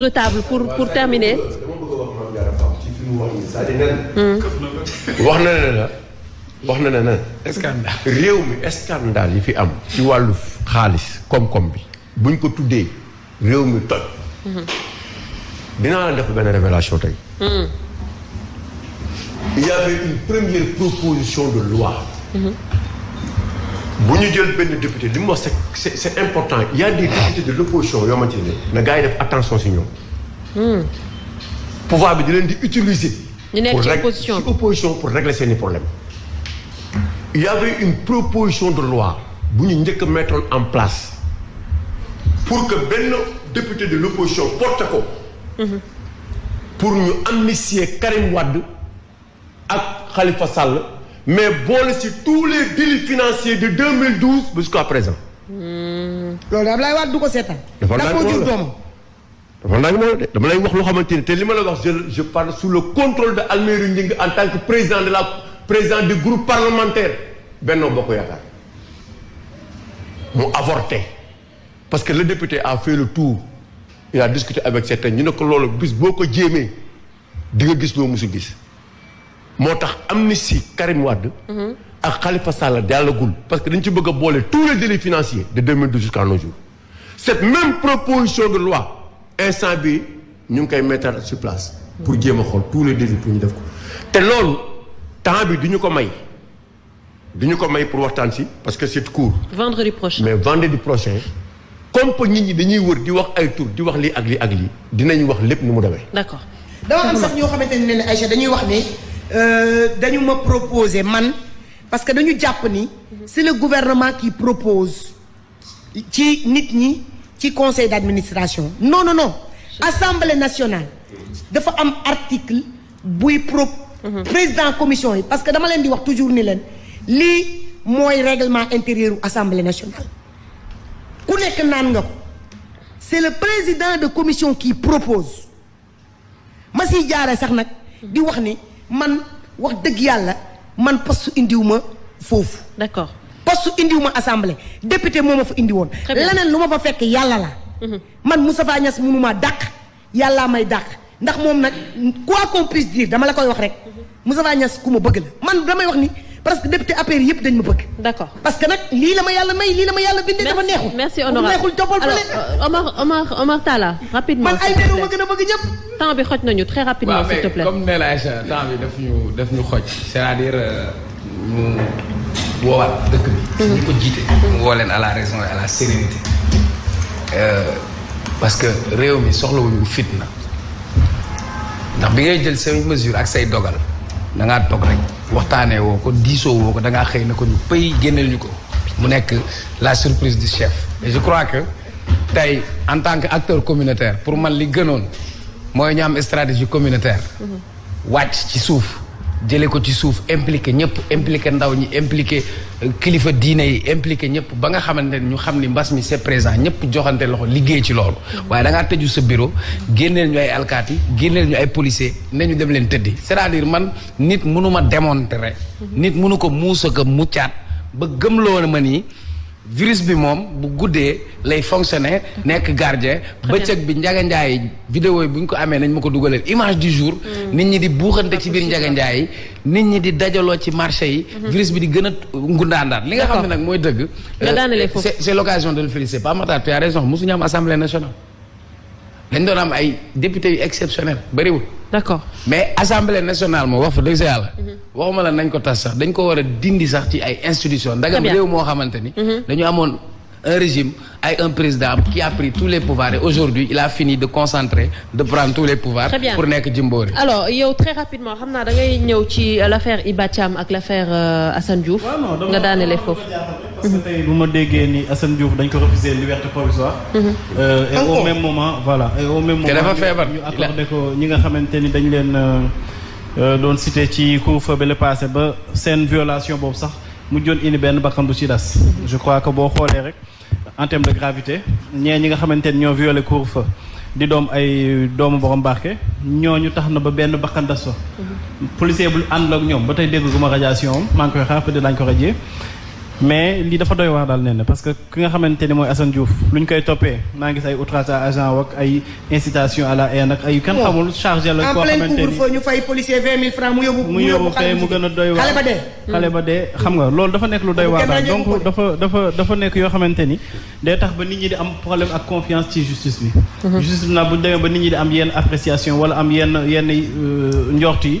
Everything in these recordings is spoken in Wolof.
de table pour hmm. na la wax na réew mi scandale yi fi am. ci wàllu xaalis koom-koom bi. buñ ko tuddee réew mi toj. Hmm. dinaa la def benn révélation tey. Hmm. il y avait une première proposition de loi. bu ñu jël benn député li mu wax c'est c'est important il y a des députés de l'opposition yoo xamante ne na gars yi def attention si ñoom. Hmm. pouvoir bi di leen di utiliser. ñu nekk ci opposition pour opposition pour régler seeni problème il y avait une proposition de loi bu ñu njëkk a mettre en place pour que benn député de l'opposition porte ko. Hmm. pour ñu amnistier Karim Wade ak Khalifa Sall. mais boole si tous les délits financiers de 2012 jusqu'à présent. Hmm. loolu Ablaye Wade du ko seetaan. dafa laaj jur doomam. dafa laaj dama lay wax loo xamante ni te li ma la wax je je parle sous le contrôle de Almery Gningue en tant que président de la président du groupe parlementaire Benno Bokk Yaakaar mu avorté parce que le député a fait le tour il a avec certains ñu ne ko loolu bis boo ko jéemee di nga gis loo musu gis. moo tax am ni amnistie Karim Wade. ak Khalifa Sall jàllagul parce que dañu ci bëgg a boole tous les délits financiers de 2012 jusqu'à nos jours cette même proposition de loi instant bi ñu ngi koy mettre sur place. pour jéem a xool tous les délits pour ñu def ko. te loolu temps bi du ñu ko may du ñu ko may pour waxtaan si parce que c'est court. vendredi prochain mais vendredi prochain. comme que nit ñi dañuy wër di wax ay tur di wax lii ak lii ak lii dinañu wax lépp ni mu demee. d'accord dama ñoo xamante ne ne dañuy wax ne. Euh, dañu ma proposer man parce que dañu jàpp ni c'est le gouvernement qui propose ci nit ñi ci conseil d'administration non no non assemblée nationale dafa am article buy pro mhm. président commission yi parce que dama leen di wax toujours ni leen lii mooy règlement intérieur u assemblée nationale ku nekk naan nga ko c'est le président de commission qui propose ma siy jaaree sax nag di wax ni man wax dëgg yàlla man poste indiw ma foofu. d'accord poste indiw ma assemblée député moom ma fa indi woon. leneen lu ma fa fekk yàlla la. Mhm. man Moustapha Niass mënuma dàq yàllaa may dàq ndax moom nag quoi qu'on puisse dama la koy wax rek mhm. Moustapha Niass ku ma bëgg la man damay wax ni. parce que député APR yëpp dañ ma bëgg. d'accord parce que nag lii la ma yàlla may lii la ma yàlla bindee. dafa neexul merci honorable neexul toppal fa leen. Euh, Omar Omar Omar bi xoj nañu très rapidement s'il te plaît comme bi daf ñu daf ñu xoj. c'est-à-dire euh, ñu woowaat dëkk bi. Mhm. ko jiite. Ah, mu leen à la raison et à la sérénité. Euh, parce que réew mi soxlawuñu fitna. ndax bi ngay jël say mesure ak say dogal. da toog rek waxtaanee woo ko diisoo woo ko da ngaa xëy na ko ñu pëy génneel ñu ko mu nekk la surprise du chef je crois que tey en tant que acteur communautaire pour man li gënoon mooy ñu stratégie communautaire mm-hmm. wàcc ci suuf jëlee ko ci suuf impliqué ñëpp impliqué ndaw ñi impliqué euh, kilifa diine yi impliqué ñëpp ba nga xamante ne ñu xam ni mbas mi c'est présent ñëpp joxante loxo liggéey ci loolu. waaye da ngaa tëju sa biro génneel ñu ay alkaati génneel ñu ay policier ne ñu dem leen tëddi c'est-à-dire man nit mënu ma démontrer. nit mënu ko muusa ko muccaat ba gëmloo ma nii. virus bi moom bu guddee lay fonctionner nekk gardien bëccëg bi njaga njaay yi vidéo yi bu ñu ko amee nañ ma ko dugaleel image du jour mm. nit ñi di buuxante ci biir njaga yi nit ñi di dajaloo ci marché yi mm-hmm. virus bi di gën a ngundaandaat li nga xam ne nag mooy dëgg euh, c'est l'occasion de le féliciter Pape Makhtar tu as raison mosuñu am assemblée nationale dañ doon am ay députés yu exceptionnels bariwul d'accord mais assemblée nationale moom wax fa dëgg sa yàlla. Mhm. waxuma la nañ ko tas sax dañ ko war a dindi sax ci ay institutions. ndagam réew moo xamante mhm. dañu amoon un régime ay un président qui a pris tous les pouvoirs et aujourd'hui il a fini de concentrer de prendre tous les pouvoirs. pour nekk jimboori. alors yow très rapidement xam naa da ngay ñëw ci l'affaire Iba ak l'affaire euh, Assane Diouf. nga daanele foofu. bu ma déggee ni Assane Diouf dañ ko refusé liberté provisoire. Mhm. Euh, et au même moment voilà et au même moment. te dafa feebar ñu accordé ko ñi nga xamante ni dañ leen euh, euh, doon cité ci couvre-feu bi la ba seen violation boobu sax mu joon indi benn bakkan bu ci das. je crois que boo xoolee rek en terme de gravité ñee ñi nga xamante ni ñoo violé couvre-feu. di doom ay doomu borom ñoo ñu tax na ba benn baqan das fa mhm. policier bu ànd ak ñoom ba tey dégg gu ma radiation am maa ngi koy xaar mais lii dafa doy waar daal nee na parce que ki nga xamante ni mooy Assane Diouf lu ñu koy toppee naa ngi gis ay outrage agent wak ay incitation à la haine ak ay kenn xamul chargé la koo xamante ni en ñu fay policier vingt mille francs mu yóbbu mu gën a doy waar ba dee xam nga loolu dafa nekk lu doy waar daal donc dafa dafa dafa nekk yoo xamante ni day tax ba nit ñi di am problème ak confiance ci justice bi mhm. justice bi nag bu ñu demee ba nit ñi di am yenn appréciation wala am yenn yenn euh, njort yi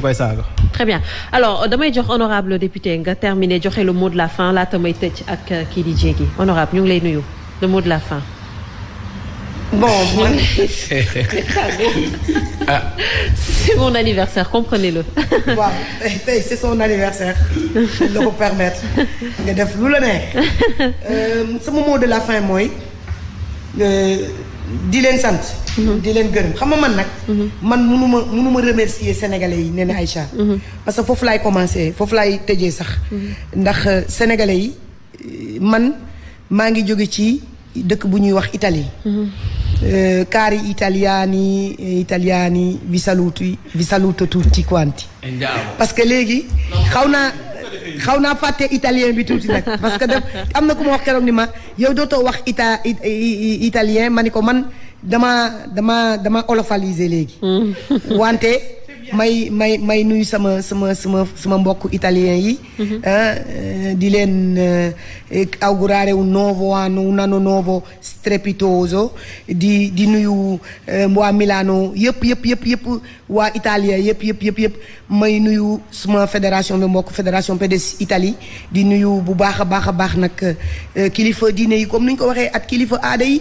ñu koy saaga. damay jox honorable député nga terminer joxe le mot de la fin laata may tëj ak euh, kii di jéegi honorable ñu ngi lay nuyu le mot de la fin. bon man ah. c'est mon anniversaire comprenez-le. c'est son anniversaire. la ko permettre nga def lu la neex. Euh, sama mot de la fin mooy. Euh, di leen sant. Mhm. di leen gërëm xam nga man nag. Mhm. man munu ma munu ma remercier sénégalais yi nee na Aïcha. Mhm. parce que foofu laay commencé foofu laay tëjee sax. ndax euh, sénégalais yi euh, man maa ngi jóge ci dëkk bu ñuy wax Italie. cari italiani italiani vi saluti vi saluto tutti léegi xaw naa. xaw naa fàtte italien bi tuuti nag parce que def am ma wax keroog ni ma yow dootoo wax italien ma ni ko man dama dama dama olofalisé léegi hmm. wante may may may nuyu sama sama sama sama mbokk italien yi mm-hmm. ah, eh, di leen eh, augurare un nuovo anno un anno nuovo strepitoso di di nuyu eh, waa Milano yëpp yëpp yëpp yëpp waa Italie yëpp yëpp yëpp yëpp may nuyu suma fédération bi mbokk fédération PDS itali di nuyu bu baax a baax a baax nag kilifa diine yi comme ni ko waxee ak kilifa aada yi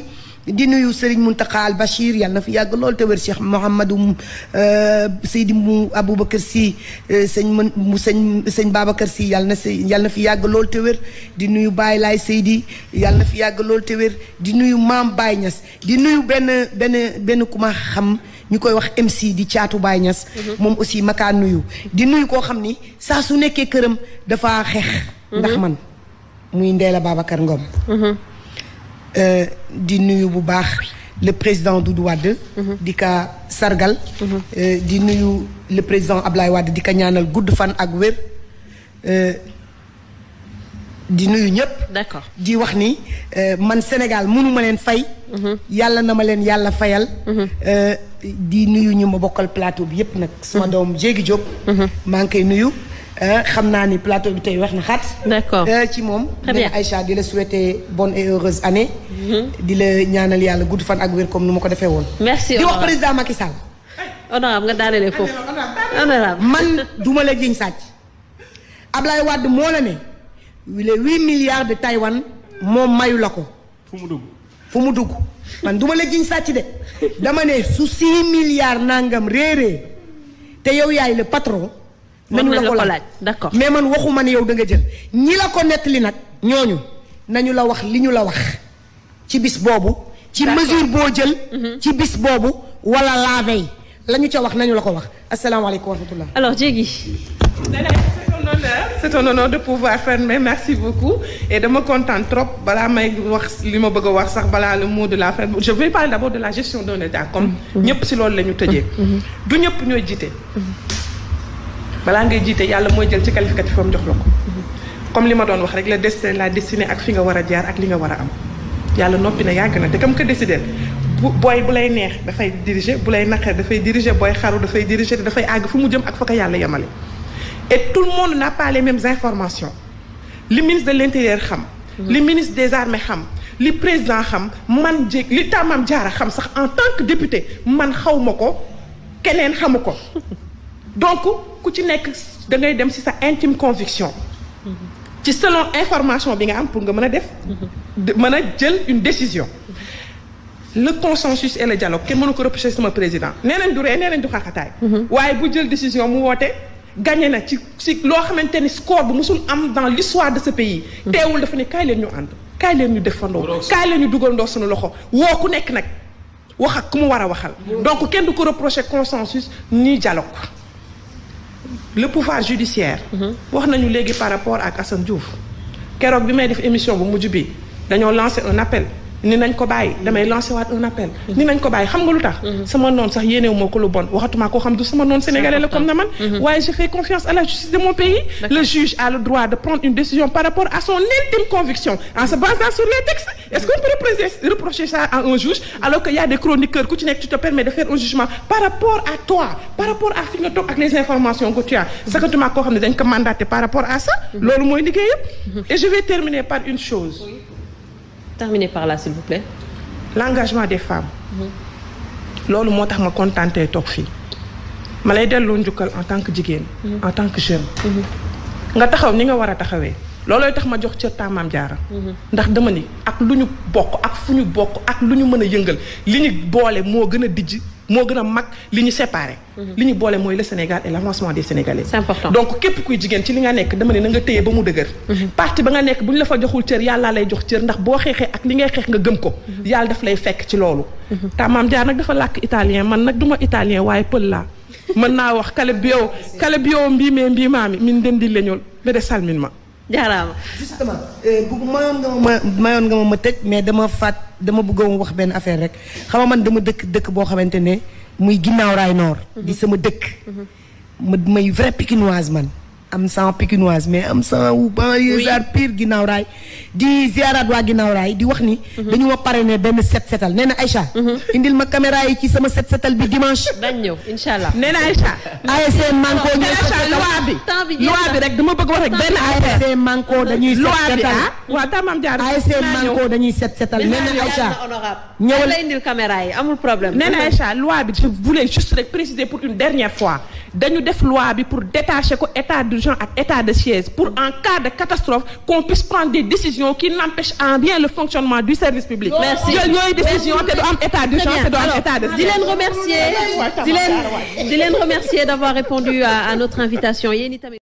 di nuyu Serigne mun Al Bachir yàlla na fi yàgg lool te wér Cheikh Mouhamadou euh, Seydi mu abu Aboubacar Sy euh, sëñ mën mu sëñ sëñ Babacar Sy yàlla na si yàlla fi yàgg loolu te wér di nuyu Baye Laye Seydi yàlla fi yàgg lool te di nuyu Maam Baye Niass di nuyu benn benn benn ku ma xam ñu koy wax MC di caatu Baye Niass mhm. moom aussi ma kaa nuyu di nuyu koo xam ni saa su nekkee këram dafa xeex mhm. ndax man muy Ndella Babacar Ngom mhm. Euh, di nuyu bu baax le président Doudou Wade mhm. di ka sargal mhm. euh, di nuyu le président Ablaye Wade di ka ñaanal gudd fan ak wér euh, di nuyu ñëpp. d'accord di wax ni man Sénégal mënu leen fay. Mhm. yàlla na ma leen yàlla fayal. di nuyu ñu ma bokkal plateau bi yëpp nag. sama doom Jéegi Diop. maa ngi koy nuyu. Euh, xam naa ni plateau bi tey wax na xat. d'accord euh, ci moom. très bien Aïcha di la souhaiter bonne et heureuse année. Mm-hmm. di la ñaanal yàlla gudd fan ak wér comme nu ma ko defee woon. merci di wax président Macky Sall. foofu. honorable man duma la jiñ sàcc. Ablaye Wade moo la ne. les huit milliards de Taïwan moom mayu la ko. fu mu dugg mu dugg man duma la jiñ sàcc de. dama ne su six milliards nangam réeree te yow yaay le patron. mënu la ko laaj d'accord mais man waxuma ne yow da nga jël ñi la ko nettali nag ñooñu nañu la wax li ñu la wax ci bis boobu ci mesure boo jël mhm. ci bis boobu wala la veille la ñu ca wax nañu la ko wax asalaamaaleykum wa rahmatullah alors jéegi c'est un honneur de pouvoir fermer merci beaucoup et dama kontaan trop balaa may wax li ma bëgg a wax sax balaa le mot de la fin je vais parler d'abord de la gestion d'un état comme mhm. ñëpp si loolu la ñu tëjee mhm. du ñëpp ñooy jiite balaa ngay jiite yàlla mooy jël ci qualificatif am jox la ko. comme li ma doon wax rek la destin la destinée ak fi nga war a jaar ak li nga war a am. yàlla noppi na yàgg na te kam ko décider bu booy bu lay neex dafay diriger bu lay naqar dafay diriger booy xaru dafay diriger te dafay àgg fu mu jëm ak fa ko yàlla yemale. et tout le monde n'a pas les mêmes informations li ministre de l'intérieur xam. Mm-hmm. li ministre des armées xam. li président xam man jéeg li taamam jaara xam sax en tant que député man xaw ma ko keneen xamu ko ku ci nekk da ngay dem ci sa intime conviction ci selon information bi nga am pour nga mën a def mën a jël une décision le consensus et le dialogue kenn mënu ko reprocher sama président nee nañ du ree nee nañ du xaaxataay waaye bu jël décision mu woote gagné na ci si loo xamante ni score bu musul am dans l'histoire de ce pays teewul dafa ne kaay leen ñu ànd kaay leen ñu defandoo kaay leen ñu dugandoo suñu loxo woo ku nekk nag wax ak ku mu war a waxal donc kenn du ko reprocher consensus ni dialogue le pouvoir judiciaire. wax nañu léegi par rapport ak Assane Diouf keroog bi may def émission bu mujj bi dañoo lancer un appel. ni nañ ko bàyyi damay lancé waat un appel ni nañ ko bàyyi xam nga lu tax mm-hmm. sama noon sax yéenewu moo ko lu bon waxatuma ko xam du sama noon sénégalais la comme na man mm-hmm. waaye je fais confiance à la justice de mon pays le juge a le droit de prendre une décision par rapport à son intime conviction en se basant sur les textes est-ce qu'on peut reprocher ça à un juge alors que y a des chroniqueurs ku ci nekk tu te de faire un jugement terminez par là s'il vous plaît. l'engagement des femmes. loolu moo tax ma kontaan tey toog fii. ma lay delloo njukkal en tant que jigéen. en tant que jeune. nga taxaw ni nga war a taxawee. loolooy tax ma jox cër taamaam jaara ndax dama ni ak lu ñu bokk ak fu ñu bokk ak lu ñu mën a yëngal li ñu boole moo gën a dijj moo gën a mag li ñu séparé. Mhm. li ñu boole mooy le Sénégal et l' avancement des Sénégalais. c'est important donc képp kuy jigéen ci li nga nekk dama ne na nga téye ba mu dëgër. Mhm. parti ba nga nekk bu ñu la fa joxul cër yàlla lay jox cër ndax boo xeexee ak li ngay xeex nga gëm ko. Mhm. yàlla daf lay fekk ci loolu. Tamaam Jaar nag dafa làkk italien man nag du ma italien waaye pël laa mën naa wax kale bio kale bio mbii mee mbii maami min dendi leñol mbede salmin ma jaaraama. justement euh, bu mayoon nga ma nga ma ma tëj mais dama fat dama bëggoon wax benn affaire rek xam nga man dama dëkk dëkk boo xamante ne muy ginnaaw raay noor. di mhm. sama dëkk. Mhm. ma may vrai pikinoise man. am sang pikinoise mais am sang wu ba yéesaar pire ginnaaw raay di ziaraat waa ginnaaw raay di wax ni mhm. dañu ma pare ne benn set setal nee na Aïcha mhm. indil ma caméra yi ci sama set setal bi dimanche dañ ñëw incha allah nee na Aïcha ASC Manko ñëw bi loi bi rek dama bëgg wax rek benn ASC ah. Manko dañuy set setal waaw tamam jaar ASC Manko dañuy set setal nee na Aïcha ñëwal la indil caméra yi amul problème nee na Aïcha pour une dernière fois dañu def loi bi pour détacher ko état de gens ak état de siège pour en cas de catastrophe qu'on puisse prendre des décisions qui n'empêchent en rien le fonctionnement du service public. merci remercier d'avoir répondu à notre invitation